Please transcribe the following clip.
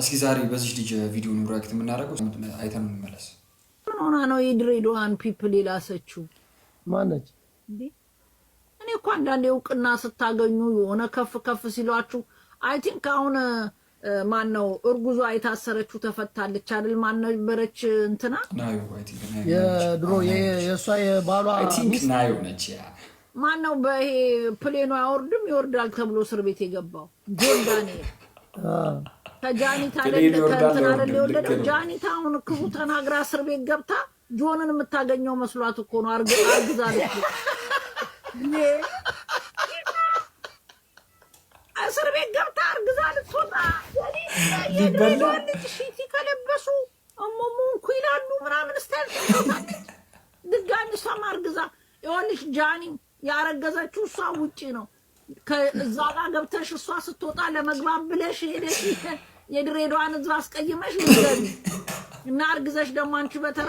እስኪ ዛሬ በዚህ ልጅ ቪዲዮ ሪያክት የምናደርገው አይተን እንመለስ። ምን ሆና ነው የድሬዳዋን ፒፕል የላሰችው? ማነች? እኔ እኮ አንዳንዴ እውቅና ስታገኙ የሆነ ከፍ ከፍ ሲሏችሁ አይ ቲንክ አሁን ማን ነው እርጉዟ የታሰረችው ተፈታለች አይደል? ማን ነበረች እንትና የድሮ የእሷ የባሏ ነች። ማን ነው በይሄ ፕሌኑ አይወርድም ይወርዳል ተብሎ እስር ቤት የገባው ጆን ከጃኒ ታለወለደው ጃኒ ተናግራ እስር ቤት ገብታ ጆንን የምታገኘው መስሏት እኮ ነው። አርግዛለች። እስር ቤት ገብታ አርግዛ ልትሆና ሺቲ ከለበሱ እሞሞንኩ ይላሉ ምናምን ስታል ድጋሚ እሷም አርግዛ ይኸውልሽ ጃኒ ያረገዘችው እሷ ውጪ ነው ከዛ ጋር ገብተሽ እሷ ስትወጣ ለመግባት ብለሽ ሄደሽ የድሬዳዋን ሕዝብ አስቀይመሽ እና እርግዘሽ ደግሞ አንቺ በተራ